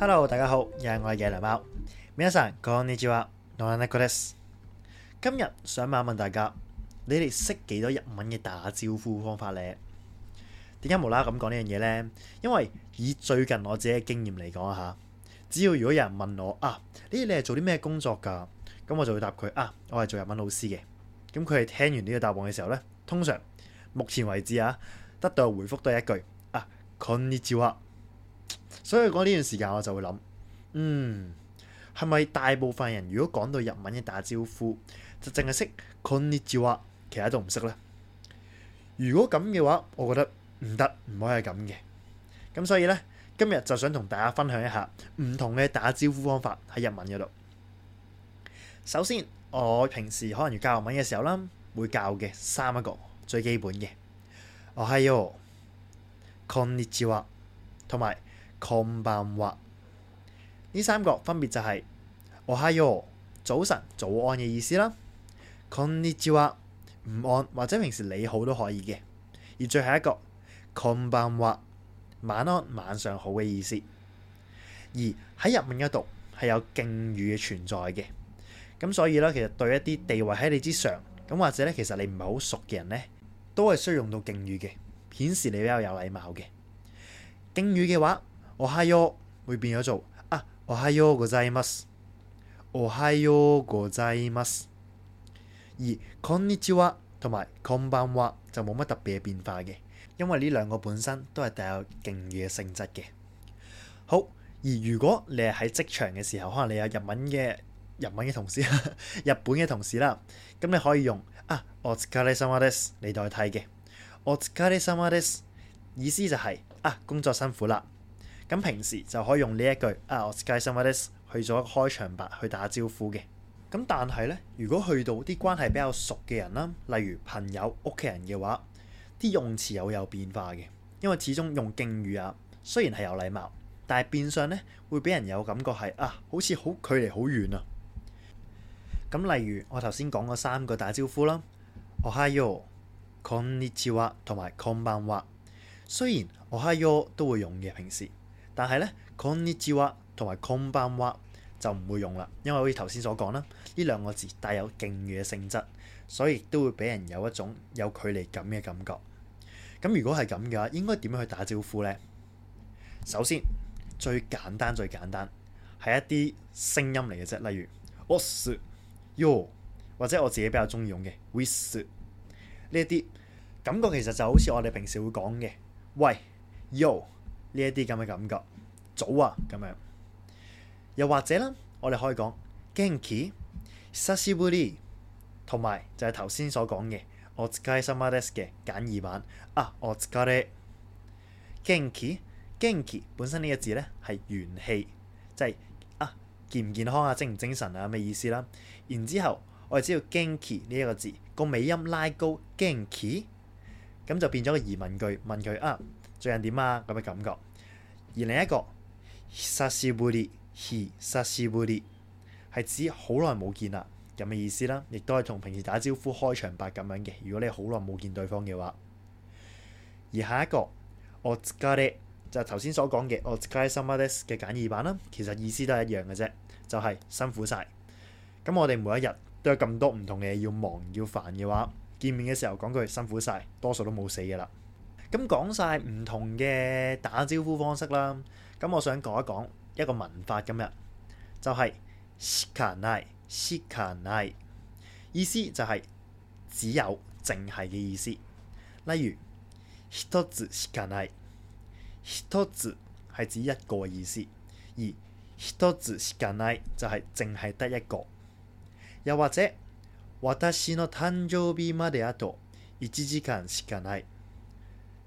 Hello，大家好，又係我嘅野良貓，皆さん、こんにちは、のらねこです。今日想問大家，你哋識幾多日文嘅打招呼方法呢？點解無啦啦咁講呢樣嘢呢？因為以最近我自己嘅經驗嚟講啊，吓，只要如果有人問我啊，呢你係做啲咩工作噶？咁我就會答佢啊，我係做日文老師嘅。咁佢哋聽完呢個答案嘅時候呢，通常目前為止啊，得到回覆都係一句啊，こんにちは。所以講呢段時間我就會諗，嗯，係咪大部分人如果講到日文嘅打招呼，就淨係識こんにちは，其他都唔識呢？如果咁嘅話，我覺得唔得，唔可以係咁嘅。咁所以呢，今日就想同大家分享一下唔同嘅打招呼方法喺日文嗰度。首先，我平時可能要教日文嘅時候啦，會教嘅三個最基本嘅，哦，係、おはよう、こんにちは，同埋。c o m b 呢三個分別就係 o h a o 早晨早安嘅意思啦。Konnichiwa 安或者平時你好都可以嘅。而最下一個 Combam 話晚安晚上好嘅意思。而喺入面嘅度係有敬語嘅存在嘅，咁所以咧，其實對一啲地位喺你之上咁或者咧，其實你唔係好熟嘅人咧，都係需要用到敬語嘅，顯示你比較有禮貌嘅敬語嘅話。啊、おはよう、會變咗做，啊，おはようございます。おはようございます。而こんにちは、同埋、こんばんは就冇乜特別嘅變化嘅，因為呢兩個本身都係帶有敬語嘅性質嘅。好，而如果你係喺職場嘅時候，可能你有日文嘅日文嘅同事、呵呵日本嘅同事啦，咁你可以用啊，お疲れ様です嚟代替嘅。お疲れ様です意思就係，是、啊，工作辛苦啦。咁平時就可以用呢一句啊，我 greetings 去咗開場白去打招呼嘅。咁但係咧，如果去到啲關係比較熟嘅人啦，例如朋友、屋企人嘅話，啲用詞又有變化嘅，因為始終用敬語啊，雖然係有禮貌，但係變相咧會俾人有感覺係啊，好似好距離好遠啊。咁例如我頭先講嗰三個打招呼啦，ohayo、こんにちは同埋こんばんわ，雖然 ohayo、哦、都會用嘅平時。但係咧，こんにちは同埋こんばんは就唔會用啦，因為好似頭先所講啦，呢兩個字帶有敬語嘅性質，所以都會俾人有一種有距離感嘅感覺。咁如果係咁嘅話，應該點樣去打招呼呢？首先，最簡單最簡單係一啲聲音嚟嘅啫，例如おす、よ，或者我自己比較中意用嘅ういっす呢一啲感覺，其實就好似我哋平時會講嘅喂よ。呢一啲咁嘅感覺，早啊咁樣。又或者啦，我哋可以講 Ganky、s a s u b u d y 同埋就係頭先所講嘅 o t s u a Isomades 嘅簡易版啊。o t s u a r g a n k y g a n k y 本身呢個字咧係元氣，即、就、係、是、啊健唔健康啊精唔精神啊咁嘅意思啦、啊。然之後我哋知道 Ganky 呢一個字，那個尾音拉高 Ganky，咁就變咗個疑問句，問佢啊。最近點啊咁嘅感覺，而另一個久しぶり、久しぶり係指好耐冇見啦咁嘅意思啦，亦都係同平時打招呼開場白咁樣嘅。如果你好耐冇見對方嘅話，而下一個お疲れ就係頭先所講嘅お疲れ様です嘅簡易版啦，其實意思都係一樣嘅啫，就係辛苦晒。咁我哋每一日都有咁多唔同嘅嘢要忙要煩嘅話，見面嘅時候講句辛苦晒，多數都冇死嘅啦。咁講晒唔同嘅打招呼方式啦。咁我想講一講一個文法今日就係しかないしかない。意思就係只有淨係嘅意思。例如一つしかない一つ係指一個嘅意思。而一つしかない就係淨係得一個。又或者私の誕生日まであと一時間しかない。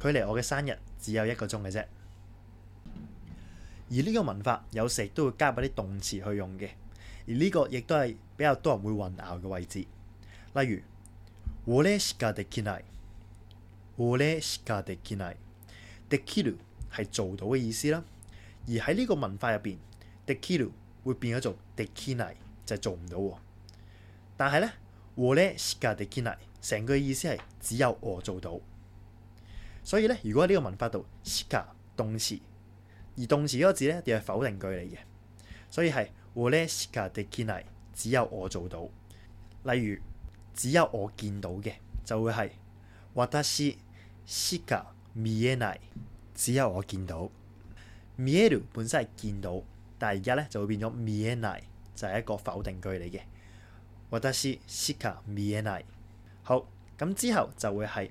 距離我嘅生日只有一個鐘嘅啫，而呢個文法有時都會加入啲動詞去用嘅，而呢個亦都係比較多人會混淆嘅位置。例如，俺しかできない，俺しかできない、できる係做到嘅意思啦。而喺呢個文法入邊，できる會變咗做できない就係做唔到。但係咧，俺しかできない，成句意思係只有我做到。所以咧，如果喺呢個文法度，しか動詞，而動詞嗰個字咧，亦係否定句嚟嘅。所以係，私しかできない，只有我做到。例如，只有我見到嘅，就會係，私しか見ない，只有我見到。見る本身係見到，但係而家咧就會變咗見ない就係、是、一個否定句嚟嘅。私しか見ない。好，咁之後就會係。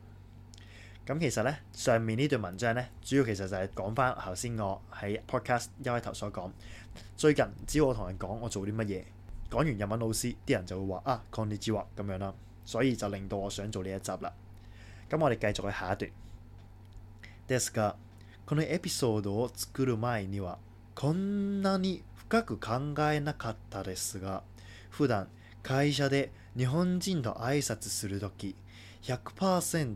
咁其實咧，上面呢段文章咧，主要其實就係講翻頭先我喺 podcast 一開頭所講。最近只要我同人講我做啲乜嘢，講完日文老師啲人就會話啊，こんにちは咁樣啦，所以就令到我想做呢一集啦。咁我哋繼續去下一段。ですが、このエピソードを作る前にはこんなに深く考えなかったですが、普段會社で日本人と挨拶するとき、100%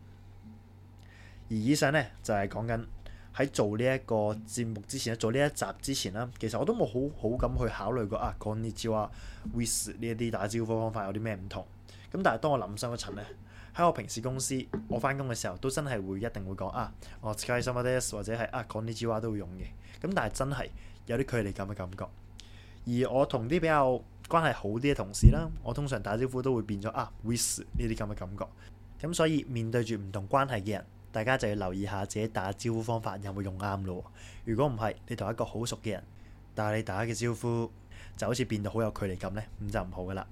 而以上咧就係講緊喺做呢一個節目之前咧，做呢一集之前啦，其實我都冇好好咁去考慮過啊，講こんにちはういっす呢一啲打招呼方法有啲咩唔同。咁但係當我諗深一層咧，喺我平時公司我返工嘅時候，都真係會一定會講啊，お疲れ様です或者係啊講こんにちは都會用嘅。咁但係真係有啲距離感嘅感覺。而我同啲比較關係好啲嘅同事啦，我通常打招呼都會變咗啊ういっす呢啲咁嘅感覺。咁所以面對住唔同關係嘅人，大家就要留意下自己打招呼方法有冇用啱咯。如果唔係，你同一個好熟嘅人，但係你打嘅招呼就好似變到好有距離感呢，咁就唔好噶啦。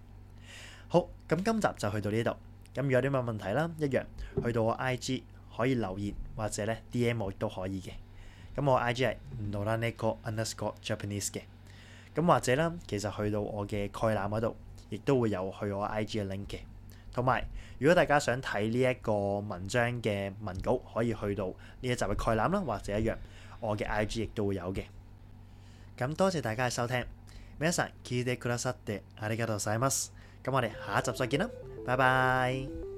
好，咁今集就去到呢度。咁如果有啲乜問題啦，一樣去到我 I G 可以留言或者咧 D M 我都可以嘅。咁我 I G 係 Noraneko_Japanese 嘅。咁或者呢，其實去到我嘅概覽嗰度，亦都會有去我 I G 嘅 link 嘅。同埋，如果大家想睇呢一個文章嘅文稿，可以去到呢一集嘅概覽啦，或者一樣，我嘅 IG 亦都會有嘅。咁多謝大家嘅收聽。皆さん聞いてくださって。ありがとうございます。咁我哋下一集再見啦，拜拜。